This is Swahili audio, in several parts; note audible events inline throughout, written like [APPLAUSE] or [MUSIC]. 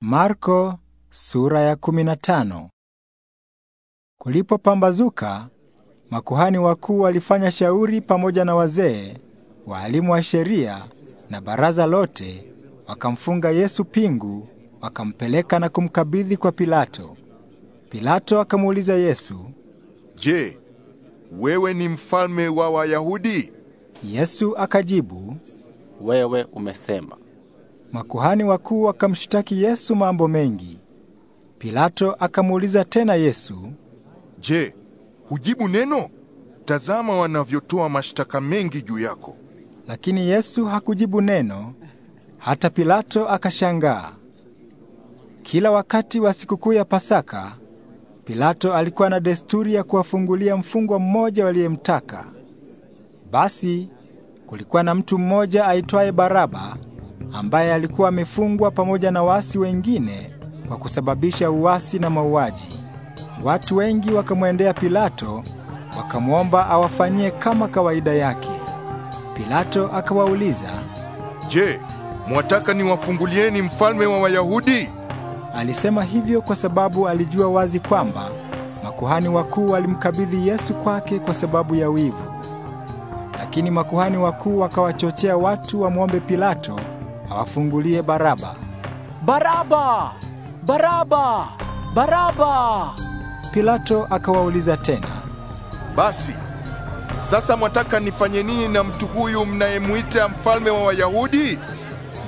Marko sura ya 15. Kulipopambazuka, makuhani wakuu walifanya shauri pamoja na wazee, waalimu wa sheria na baraza lote, wakamfunga Yesu pingu, wakampeleka na kumkabidhi kwa Pilato. Pilato akamuuliza Yesu, "Je, wewe ni mfalme wa Wayahudi?" Yesu akajibu, "Wewe umesema." Makuhani wakuu wakamshtaki Yesu mambo mengi. Pilato akamuuliza tena Yesu, "Je, hujibu neno? Tazama wanavyotoa mashtaka mengi juu yako." Lakini Yesu hakujibu neno. Hata Pilato akashangaa. Kila wakati wa sikukuu ya Pasaka, Pilato alikuwa na desturi ya kuwafungulia mfungwa mmoja waliyemtaka. Basi kulikuwa na mtu mmoja aitwaye Baraba ambaye alikuwa amefungwa pamoja na waasi wengine kwa kusababisha uasi na mauaji. Watu wengi wakamwendea Pilato wakamwomba awafanyie kama kawaida yake. Pilato akawauliza, "Je, mwataka niwafungulieni mfalme wa Wayahudi?" Alisema hivyo kwa sababu alijua wazi kwamba makuhani wakuu walimkabidhi Yesu kwake kwa sababu ya wivu. Lakini makuhani wakuu wakawachochea watu wamwombe Pilato awafungulie Baraba. Baraba! Baraba! Baraba! Pilato akawauliza tena, basi sasa mwataka nifanye nini na mtu huyu mnayemwita mfalme wa Wayahudi?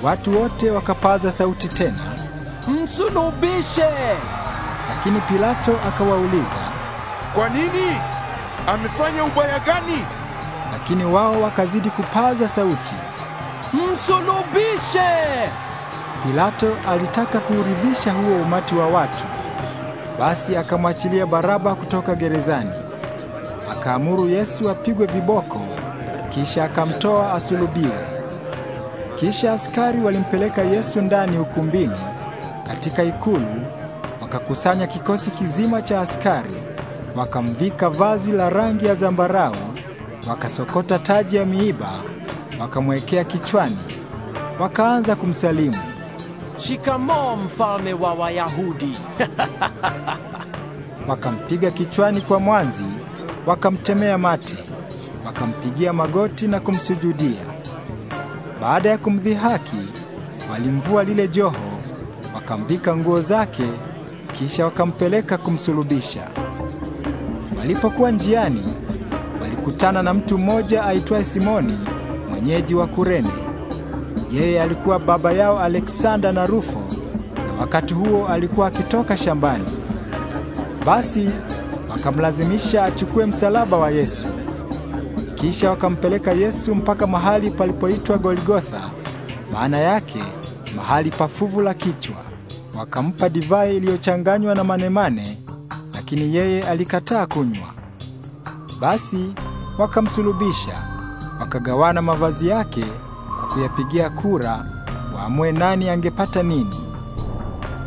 Watu wote wakapaza sauti tena, msulubishe! Lakini Pilato akawauliza, kwa nini? Amefanya ubaya gani? Lakini wao wakazidi kupaza sauti msulubishe. Pilato alitaka kuuridhisha huo umati wa watu, basi akamwachilia Baraba kutoka gerezani. Akaamuru Yesu apigwe viboko, kisha akamtoa asulubiwe. Kisha askari walimpeleka Yesu ndani ukumbini katika ikulu, wakakusanya kikosi kizima cha askari, wakamvika vazi la rangi ya zambarau, wakasokota taji ya miiba wakamwekea kichwani, wakaanza kumsalimu, Shikamoo mfalme wa Wayahudi. [LAUGHS] Wakampiga kichwani kwa mwanzi, wakamtemea mate, wakampigia magoti na kumsujudia. Baada ya kumdhihaki, walimvua lile joho, wakamvika nguo zake, kisha wakampeleka kumsulubisha. Walipokuwa njiani, walikutana na mtu mmoja aitwaye Simoni mwenyeji wa Kurene. Yeye alikuwa baba yao Aleksanda na Rufo, na wakati huo alikuwa akitoka shambani. Basi wakamlazimisha achukue msalaba wa Yesu. Kisha wakampeleka Yesu mpaka mahali palipoitwa Golgotha, maana yake mahali pa fuvu la kichwa. Wakampa divai iliyochanganywa na manemane, lakini yeye alikataa kunywa. Basi wakamsulubisha wakagawana mavazi yake kwa kuyapigia kura waamue nani angepata nini.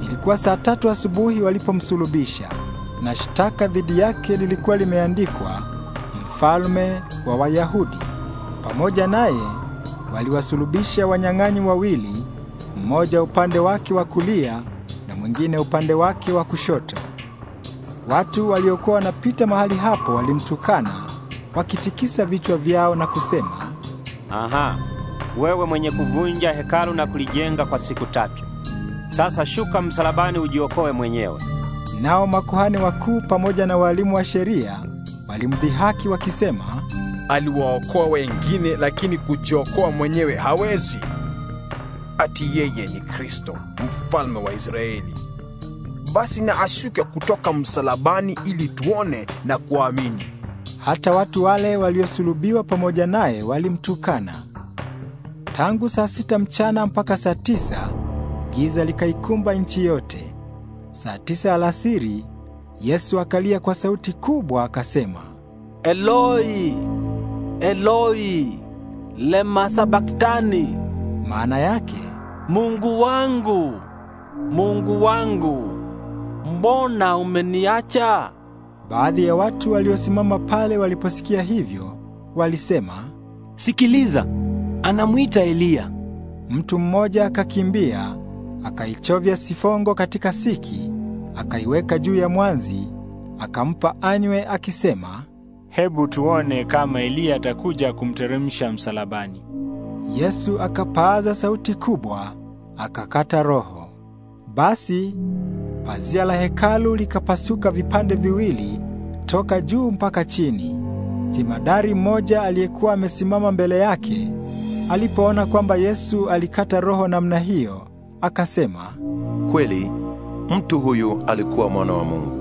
Ilikuwa saa tatu asubuhi walipomsulubisha, na shtaka dhidi yake lilikuwa limeandikwa mfalme wa Wayahudi. Pamoja naye waliwasulubisha wanyang'anyi wawili, mmoja upande wake wa kulia na mwingine upande wake wa kushoto. Watu waliokuwa wanapita mahali hapo walimtukana wakitikisa vichwa vyao na kusema, aha, wewe mwenye kuvunja hekalu na kulijenga kwa siku tatu, sasa shuka msalabani ujiokoe mwenyewe. Nao makuhani wakuu pamoja na walimu wa sheria walimdhihaki wakisema, aliwaokoa wengine, lakini kujiokoa mwenyewe hawezi. Ati yeye ni Kristo, mfalme wa Israeli. Basi na ashuke kutoka msalabani ili tuone na kuamini. Hata watu wale waliosulubiwa pamoja naye walimtukana. Tangu saa sita mchana mpaka saa tisa giza likaikumba nchi yote. Saa tisa alasiri Yesu akalia kwa sauti kubwa akasema, Eloi, Eloi, lema sabaktani, maana yake Mungu wangu, Mungu wangu, mbona umeniacha? Baadhi ya watu waliosimama pale waliposikia hivyo walisema, "Sikiliza, anamwita Eliya." Mtu mmoja akakimbia, akaichovya sifongo katika siki, akaiweka juu ya mwanzi, akampa anywe akisema, "Hebu tuone kama Eliya atakuja kumteremsha msalabani." Yesu akapaaza sauti kubwa, akakata roho. Basi Pazia la hekalu likapasuka vipande viwili toka juu mpaka chini. Jemadari mmoja aliyekuwa amesimama mbele yake alipoona kwamba Yesu alikata roho namna hiyo, akasema, "Kweli mtu huyu alikuwa mwana wa Mungu."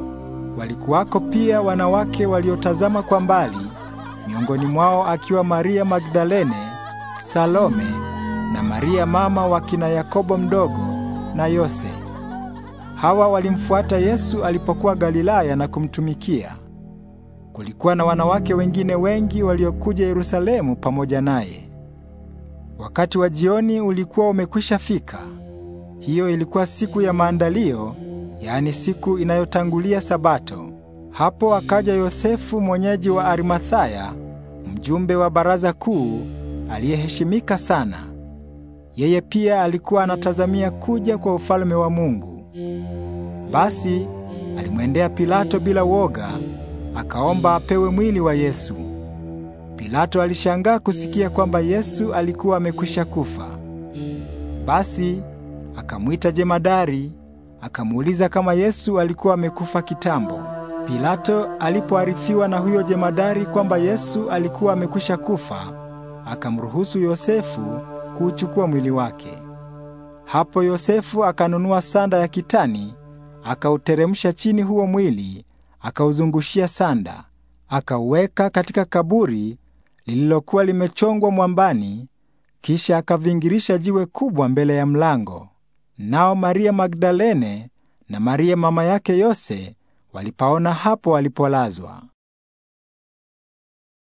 Walikuwako pia wanawake waliotazama kwa mbali, miongoni mwao akiwa Maria Magdalene, Salome na Maria mama wa kina Yakobo mdogo na Yose. Hawa walimfuata Yesu alipokuwa Galilaya na kumtumikia. Kulikuwa na wanawake wengine wengi waliokuja Yerusalemu pamoja naye. Wakati wa jioni ulikuwa umekwisha fika. Hiyo ilikuwa siku ya maandalio, yaani siku inayotangulia Sabato. Hapo akaja Yosefu mwenyeji wa Arimathaya, mjumbe wa baraza kuu aliyeheshimika sana. Yeye pia alikuwa anatazamia kuja kwa ufalme wa Mungu. Basi alimwendea Pilato bila woga, akaomba apewe mwili wa Yesu. Pilato alishangaa kusikia kwamba Yesu alikuwa amekwisha kufa. Basi akamwita jemadari, akamuuliza kama Yesu alikuwa amekufa kitambo. Pilato alipoarifiwa na huyo jemadari kwamba Yesu alikuwa amekwisha kufa, akamruhusu Yosefu kuuchukua mwili wake. Hapo Yosefu akanunua sanda ya kitani akauteremsha chini huo mwili, akauzungushia sanda, akauweka katika kaburi lililokuwa limechongwa mwambani, kisha akavingirisha jiwe kubwa mbele ya mlango. Nao Maria Magdalene na Maria mama yake Yose walipaona hapo walipolazwa.